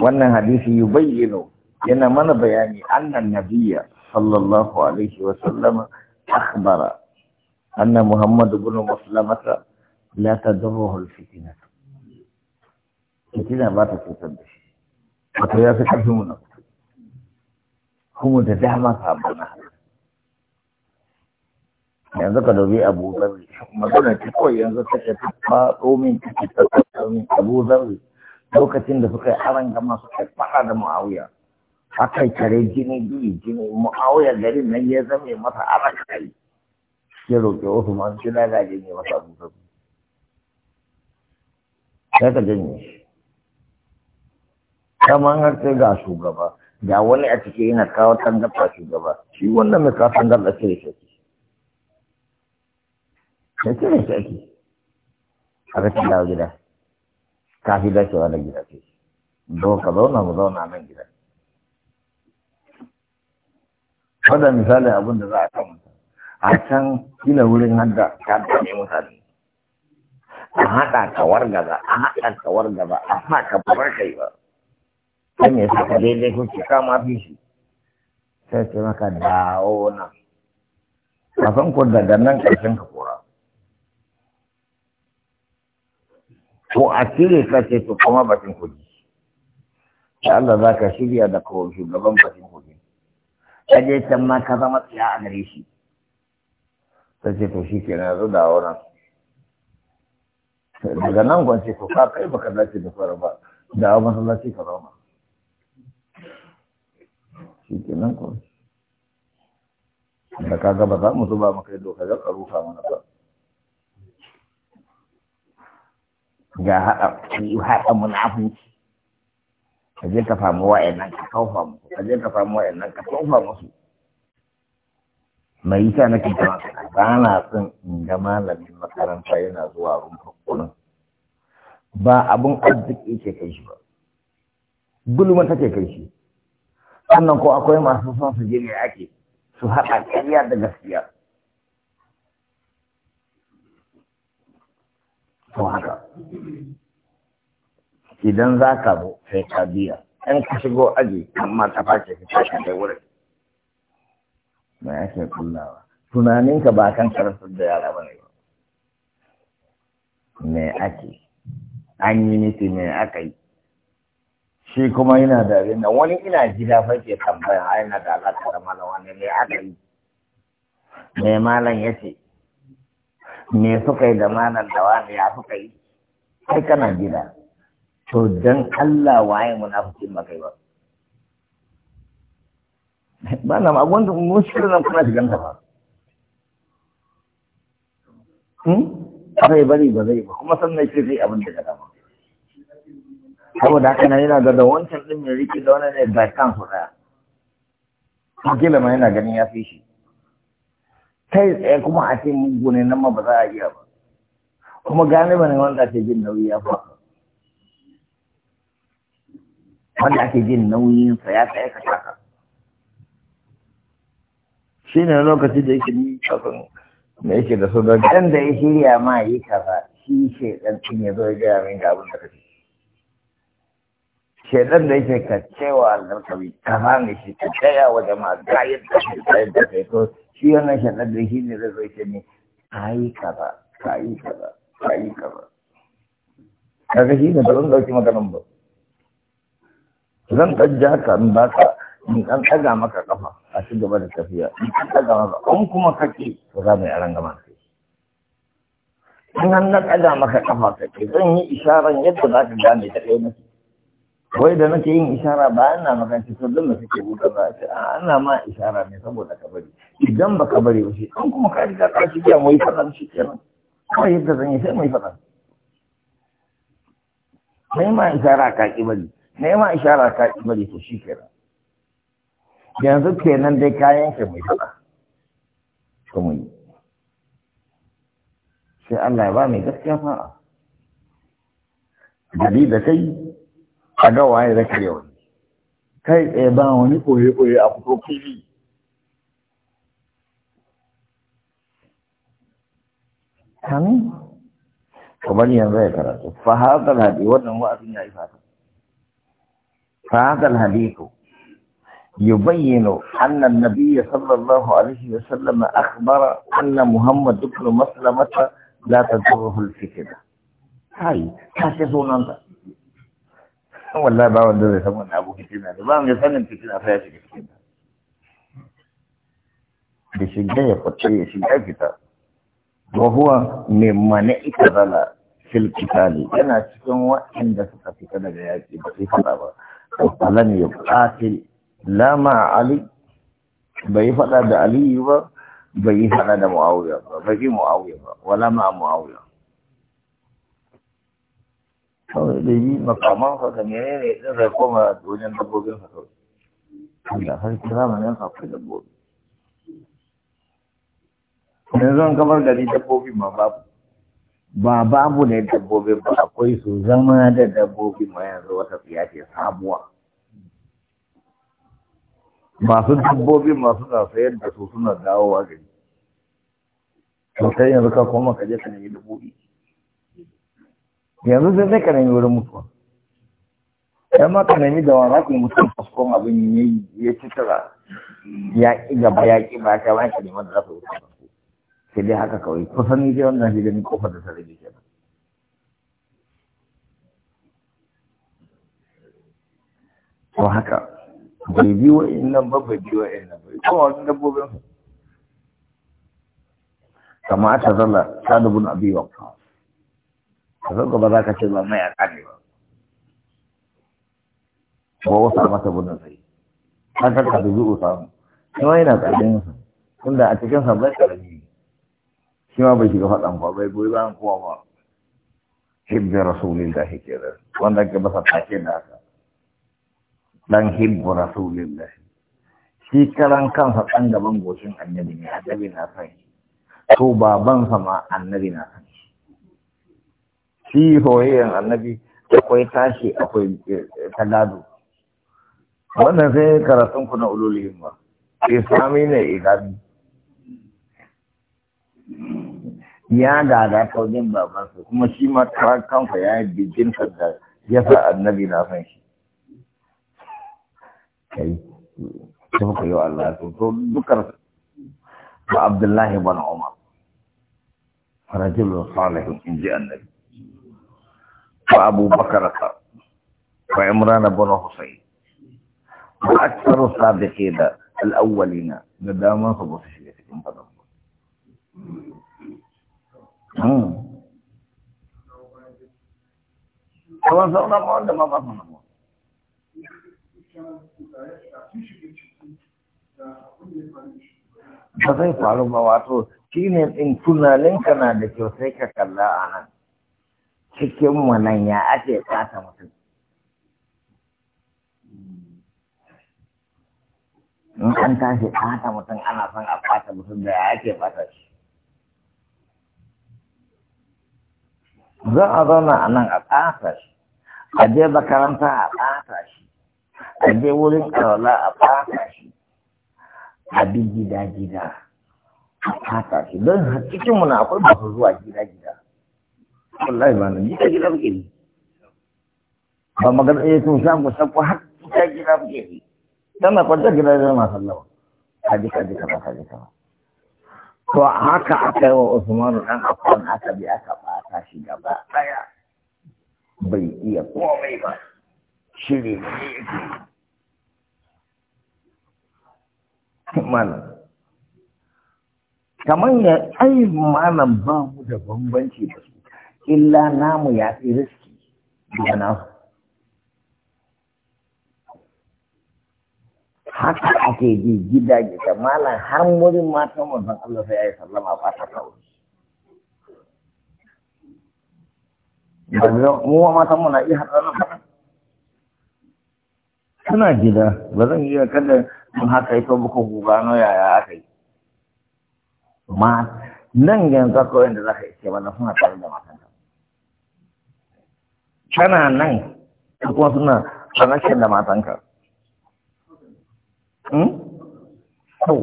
wannan hadisi yubayyinu yana mana bayani annan nabiyya sallallahu alaihi wa sallam akhbara anna muhammad ibn muslamata la tadruhu al-fitna fitina ba ta cutar da shi wato ya fi karfin mu na kuma da dama sabon na yanzu ka dubi abu zarri magana ce kawai yanzu take ta faɗo min take ta faɗo min abu zarri lokacin da suka yi aron gama kai fara da ma'auya aka kare jini biyu jini ma'auya garin nan ya zame masa aron kai ya roƙe wasu masu shi lalaje ne masa abu sabu sai ka janye shi kamar har sai ga shugaba ga wani a cikin yana kawo tangarɗa shugaba shi wannan mai kawo tangarɗa cire shi ake da cire shi ake a ka dawo gida ka fi dacewa da gida ce don ka zauna mu zauna nan gida wadda misali abin da za a kan a can kila wurin hadda ka ne mutane a haɗa ka wargaza a haɗa ka wargaza a haɗa ka bar kai ba sai me yasa ka daidai kuke kama fi shi sai ce maka dawo nan ka san ko daga nan ƙarshen ka kora to a cire ka ce to kuma batun kuɗi Ya Allah za ka shirya da kawo shugaban batun kuɗi ka je can ma ka zama tsaya a gare shi ta ce to shi ke na zo da wurin daga nan gwance ko ka kai baka dace da fara ba da a masallaci ka zama shi ke nan ko da ka gaba za mu zuba maka ido ka ga rufa mana ba ga haɗa munafunci ka je ka famu wa'annan ka kaufa mu ka je ka famu wa'annan ka kaufa musu mai yasa nake ta ba na son in ga malamin makaranta yana zuwa rumfa kullum ba abun arziki ke kai shi ba gulma take kai shi sannan ko akwai masu son su je ne ake su haɗa ƙarya da gaskiya to haka idan za ka zo sai ka biya ɗan ka shigo aji amma ta face ka tashi kai wurin mai ake kullawa tunaninka ba kan karasar da yara ba ne ba me ake an yi nufi me aka yi shi kuma yana da rinna wani ina gida fake tambaya a yana da alaƙa da malam ne me aka yi me malam ya ce me suka yi da malam da wani ya suka yi kai kana gida to dan Allah waye munafikin makai ba ba na ma gwanda mun shirin nan kuna shigan ta ba sai hmm? bari ba zai ba kuma sannan shi zai abin da ba. saboda haka nan yana da wancan din mai riki da wani ne da ko daya kila ma yana ganin ya fi shi kai tsaye kuma a ce gune nan ma ba za a iya ba kuma gane ne wanda ake jin nauyi ya fa wanda ake jin nauyin sa ya tsaye ka taka shi ne lokacin da yake ni kafin me yake da su da da ya shirya ma yi kaza shi shaidan tun ya zo ya gaya min ga abin da kake shaidan da yake ka cewa algarkawi ka hane shi ka tsaya wa jama'a gayar da shi ka yadda kai to shi wannan shaidan da shi ne zai zo ce ne ka yi kaza ka yi kaza ka yi kaza ga shi ne ba zan dauki maganin ba zan ɗan jaka in ba ka in ɗan ɗaga maka kafa a ci gaba da tafiya in ɗan ɗaga maka in kuma kake to za mu yi aran gama kai in an na ɗaga maka ka kake zan yi isharan yadda za ka gane da kai nake wai da nake yin ishara ba ina makanci to don suke buɗe ba ce ana ma ishara ne saboda ka bari idan ba ka bari ba shi an kuma ka riga ka shi mu yi faɗan shi kenan kawai yadda zan yi sai mai yi faɗan na ma ishara ka ki bari na ma ishara ka ki bari to shi kenan yanzu kenan dai kayan ka mai yi faɗa mu yi sai Allah ya ba mai gaskiya fa'a gari da kai a ga waye zai karya wani kai tsaye ba wani koye-koye a fito fili kamin kamar yanzu ya karatu fa hadal hadi wannan wa'azin ya yi fata fa hadal hadithu يبين أن النبي صلى الله عليه وسلم أخبر أن محمد بن مسلمة لا تضره الفتنة هاي هاي سنة wallahi ba wanda zai san wannan abu fitina da ba mai sanin fitina sai ya shiga cikin da shiga ya kwace ya shiga fita wa huwa mimman ikazala fil qitali yana cikin wa'anda suka fita daga yaki ba sai fada ba to ne ya qatil la ma ali bai fada da ali ba bai fada da muawiya ba bai muawiya ba wala ma muawiya kawai da yi makamansa da mene ne ɗin zai koma wajen dabbobinsa kawai Allah har zamanin akwai dabbobi yanzu an kamar gari dabbobi ma babu ba babu ne dabbobi ba akwai su zama da dabbobi ma yanzu wata tsiya ce sabuwa masu dabbobi masu na sayar da su suna dawowa gari to kai yanzu ka koma ka je ka nemi dabbobi yanzu zai zai karami nemi wurin mutuwa ya ma ka nemi da wani rakin mutum fasfon abin ya yi ya ci tara ya ƙi gaba ya ƙi ba ka wani kalimar da zafi ka wuce sai dai haka kawai kusan ni dai wannan shi ganin kofar da ta rage kenan to haka bai bi wa innan ba bai bi wa innan ba kuma wani dabbobin ta zalla sadabun abi kawai ka san gaba za ka ce ba mai a ne ba Ba wasu masa gudun sai an san ka dubi samu shi ma yana ƙarfin su tunda a cikin sa bai ƙarfi shi ma bai shiga faɗan ba bai goyi bayan kowa ba hibbin rasulillahi da wanda ke masa take da haka dan rasulun da shi karan kansa ɗan gaban goshin annabi ne annabi na san shi to babansa ma annabi na san shi hoyayen annabi akwai tashi akwai gado. Eh, wannan sai karatun ku na ululihin ba islami ne igami ya gada ta wajen babansa kuma shi ma kanka ya yi bijin da ya sa annabi na san shi kai ta muka yi wa Allah to dukkan ba Abdullahi bin Umar rajulun salihin in ji annabi وأبو بكرة وعمران بن حسين وأكثر الصادقين الأولين نداما خبص شيئتكم فضل Kawan seorang mau ada apa sama kamu? Ba zai faru ba wato shi ne ɗin tunanin kana da kyau sai ka kalla a nan. cikin mu nan ya ake fata mutum in an tashi fata mutum ana son a fata mutum da ya ake fata shi za a zauna a nan a fata shi a je makaranta a fata shi a je wurin karola a fata shi a bi gida-gida a fata shi don cikin mu na akwai masu zuwa gida-gida Allah ba nan gida gidan muke ne ba magana ya to shan ku sakku har gida gida muke ne tana kwanta gida da ma sallama kaji kaji kaza kaji kaza to haka aka yi wa Usman dan Affan aka bi aka bata shi gaba daya bai iya komai ba shi ne yake malam kamar ya ai malam ba mu da bambanci da illa namu ya fi riski da namu haka ake ji gida gida malam har wurin matan manzon Allah sai ya yi sallama ba ta kawo mu ma matan mu na iya haɗa na faɗa suna gida ba zan iya kada mun haka yi ita muka gugano yaya aka yi ma nan yanzu akwai wanda za ka iske mana suna tare da mata kana nan kuma suna sanashin da matanka sau hmm?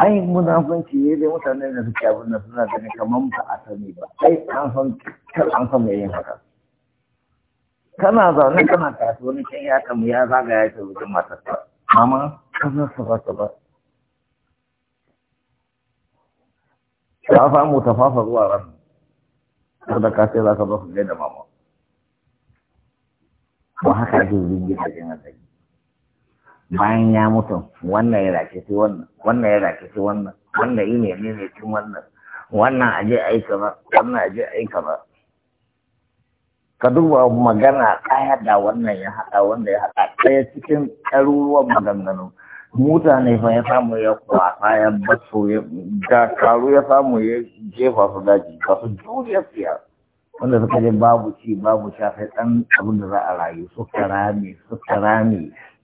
ai munafanci ne da mutane da suke abin da suna ganin kamar ba a sani ba ai an san kar an san mai yin haka kana zaune kana tafi wani can ya kamu ya zaga ya ce wajen matarsa mama kasar sa ba ba ta famu ta fafa zuwa ran har da ka sai za ka zo ka gaida mama ba haka ake jirgin da jin hatsari bayan ya mutu wannan ya rake sai wannan wannan ya rake sai wannan wannan yi ne ne tun wannan wannan aje a yi kaza wannan aje a yi kaza ka duba magana ɗaya da wannan ya haɗa wanda ya haɗa ɗaya cikin ɗaruruwan maganganu mutane fa ya samu ya ya basu ya da karu ya samu ya jefa su daji ba su juriya wanda suka je babu ci babu sha sai dan abin da za a rayu suka rame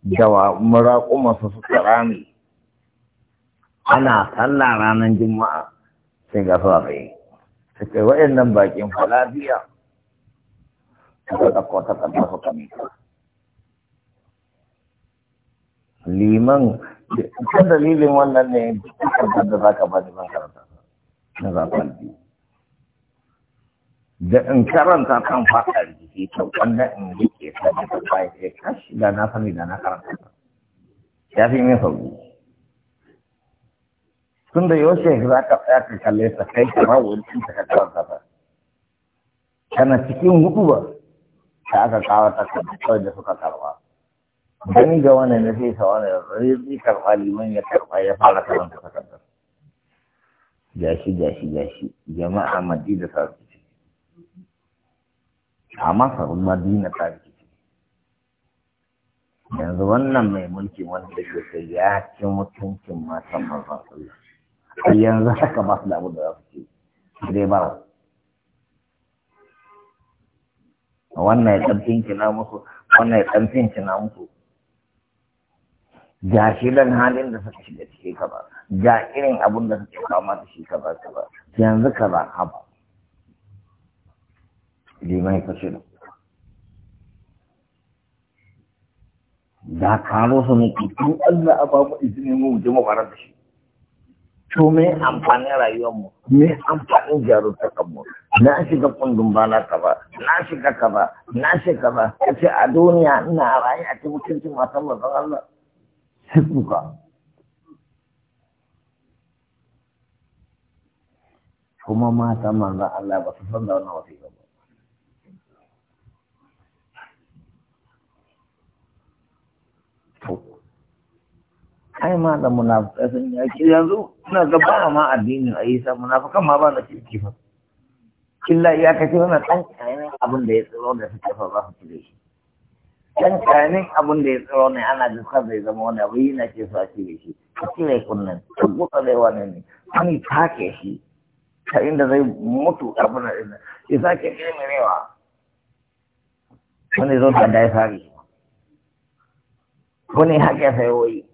da wa dawa muraƙuma su suka rame ana sallah ranar juma'a sai ga suwa tsaye su kai waɗannan bakin falafiya lafiya suka ɗauko ta ƙarfa suka liman kan dalilin wannan ne karfar da zaka ka ba da karanta na zafin biyu da in karanta kan faɗa jiki to wannan in rike ta da bai bayan sai kashi da na sani da na karanta ya fi min sauki tun da yaushe za ka tsaya ka kalle ta kai ka rawo ta ka karanta ta kana cikin hudu ba ta aka kawo ta kawai da suka karwa gani ga wani na sai sa wani rizki karɓa liman ya karɓa ya fara karanta takardar gashi gashi gashi jama'a madina ta rikici Amma masar madina ta rikici yanzu wannan mai mulki wanda ke sai ya ci mutuncin matan mazan Allah yanzu haka ba su da abu da za su ce dai ba wannan ya ɗan fincina musu wannan ya musu ga shi halin da suka shiga ciki ka ba ga irin abun da suke kama da shi ka ba ka ba yanzu ka ba ka ba limai ka ce da karo su ne ki tun Allah a babu izinin mu je mu fara da shi to me amfanin rayuwar mu me amfanin jarumtakan mu na shiga kundin bala ka ba na shiga ka ba na shiga ba kace a duniya ina rayuwa a cikin mutuncin matan manzon Allah حفظك kuma mata manzan Allah ba su san da wannan wasiƙa ba ai ma da munafuka sun ya ce yanzu ina ga ba ma addinin a isa munafukan ma ba na kirki ba killa ya kace wani ɗan kayan abin da ya tsoro da suke fa za su cire shi kan kanin abin da ya tsoro ne ana jiskar zai zama wani abu yi na ce su ake da shi a cire kunnen a gutsa zai wani ne wani take shi ta inda zai mutu abin da ɗin ya sake kirmirewa wani zo da dai fari wani haƙe sai wai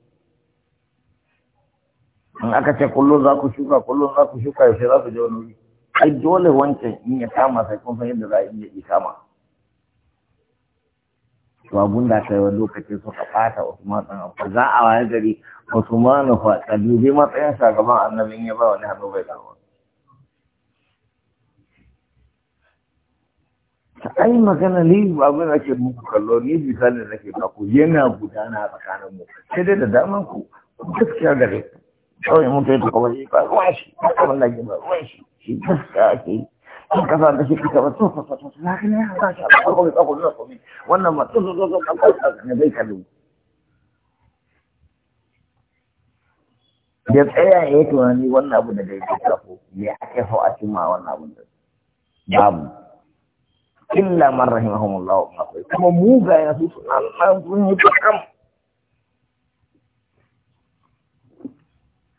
in aka ce kullum za ku shuka kullum za ku shuka yaushe za ku je wani wuri ai dole wancan in ya kama sai kun san yadda za a ya kama to abun da kai wani lokaci suka fata Usman dan Affan za a wani gari Usman fa ka dubi matsayin shugaban annabin ya ba wani hannu bai dawo ta ai magana ni babu da ke muku kallo ni sanin da ke ku yana gudana a tsakanin mu sai dai da daman ku gaskiya gare ku kawai mun kai ta kawai ba ruwan shi ba kawai lagi ba ruwan shi shi gaskiya ke yi an kasa da shi kika ba to fa fa to na ga ne ha shi Allah ko ko ko ko wannan ma to to to an kasa ne bai kallo da tsaya ya tunani wannan abu da dai kika ko me ake so a cimma wannan abu da babu illa man rahimahumullah kuma muga ya su nan nan sun yi kam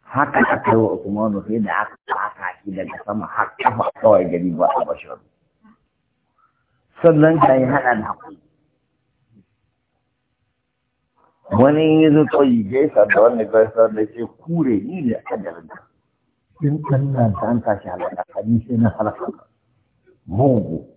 haka aka yi wa Usmanu sai da aka tsaka shi daga sama har kafa kawai gari ba a bashar. Sannan ka yi haɗa da haƙuri. Wani yi zo kawai gaisa da wani gaisa da ke kure ni ne a jarin In ɗan nan ta an tashi halaka, ni sai na halaka. Mugu.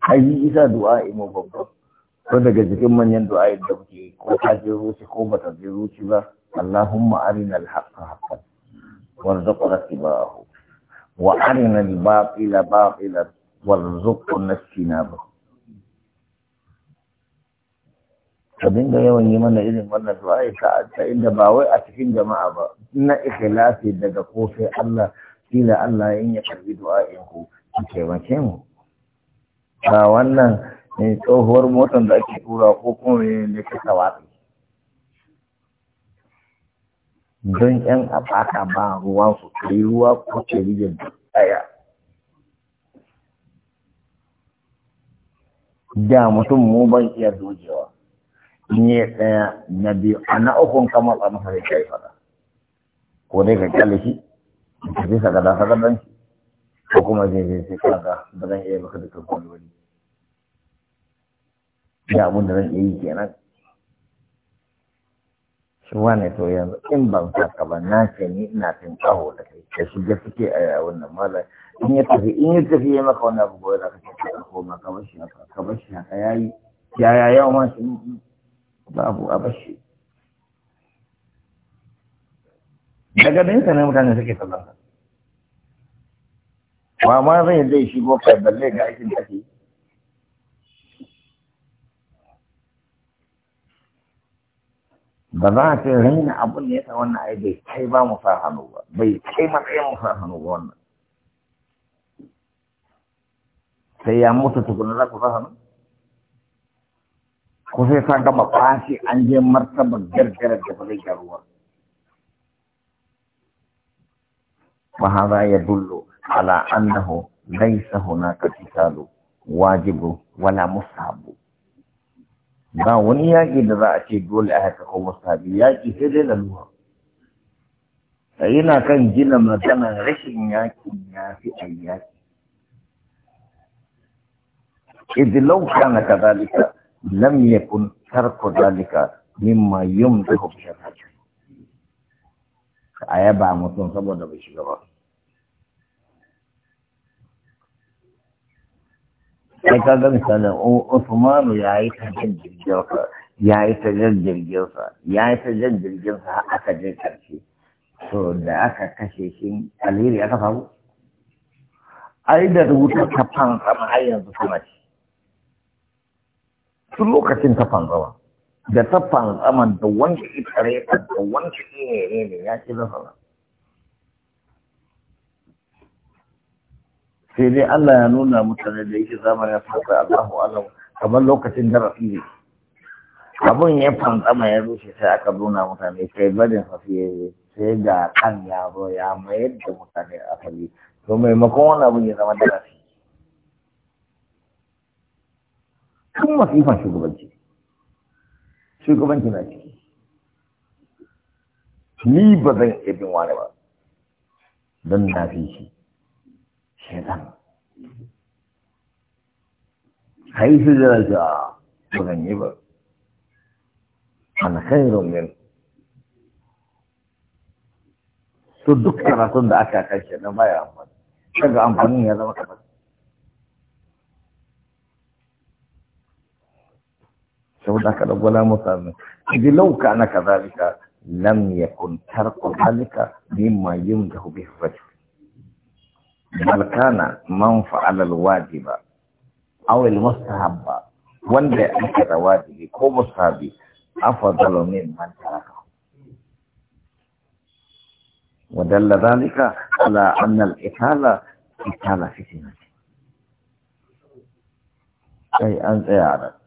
ai isa du'a imo babba ko daga jikin manyan du'a da muke ko ta je ruci ko ba ta je ruci ba Allahumma arina al-haqqa haqqan warzuqna ittibahu wa arina al-batila batila warzuqna ijtinaba ka dinga yawan yi mana irin wannan du'a ta ta inda ba wai a cikin jama'a ba na ikhlasi daga kofi Allah kila Allah in ya karbi in ku ki taimake mu a wannan ne eh, tsohuwar motar da ake tura ko kuma ne ne ka watsi don yan abaka ba ruwan su kai ruwa ko ce rijin daya da mutum mu ban iya dojewa in yi tsaya na biyu a na'ukun kama kamar hari kai fada ko dai ka kyale shi ka fi sagada sagadan shi ko kuma zai zai sai kaga ba zan iya baka da kan wani ya abun da zan yi kenan shi wane to yanzu in ban saka ba na ce ni ina cin kaho da kai shi shiga ke a wannan mala in ya tafi in ya tafi ya maka wani abu goyi zaka ka ce koma ka bar shi haka ka bar shi haka ya yi ya ya yau ma shi babu a bar shi daga bin sa ne mutane suke sallan wa ma zai zai shigo kai balle ga aikin tafi. ba za a ce raina abun ne yasa wannan ai bai kai ba mu sa hannu ba bai kai matsayin mu sa hannu ba wannan sai ya mutu tukuna za ku sa hannu ko sai ta gama fashi an je martabar gargarar da ba zai gyaruwa فهذا يدل على أنه ليس هناك قتال واجب ولا مصحب ba wani yaƙi da za a ce dole a haka ko musabi yaƙi sai dai lalura a yana kan gina magana rashin yaƙi ya fi a yaƙi إذ لو كان كذلك لم يكن ترك ذلك مما يمدح بشرعه. آية mutum saboda الله عليه وسلم sai ka ga misalin Usmanu ya yi ta jan jirginsa ya yi ta jan jirginsa ya yi ta jan jirginsa a aka je karshe to da aka kashe shi alheri aka samu ai da rubuta ta ma har yanzu suna ci tun lokacin ta ba da ta ma da wanda ita reta da wanda ne ne ya ci ba sai dai Allah ya nuna mutane da yake zamanin fata Allahu alam kamar lokacin darasi ne abun ya fantsama ya rushe sai aka nuna mutane kai barin fafi sai ga kan ya zo ya mayar da mutane a asali to maimakon wani abun ya zama darasi kan masifan shugabanci shugabanci na ciki ni ba zan iya bin wani ba don na shi الشيطان حيث جلس تغيب أنا خير منه صدق ترى صدق أكا كيش أنا ما يعمل تقع عن فنية هذا ما كبت صدق أنا ولا مصابين إذا لو كان كذلك لم يكن ترق ذلك مما يمده به الرجل بل كان من فعل الواجب أو المستحب wanda ya aikata wajibi ko musabi afdalu min man taraka ودل ذلك على أن الإكالة في سنة أي أنت يا عرب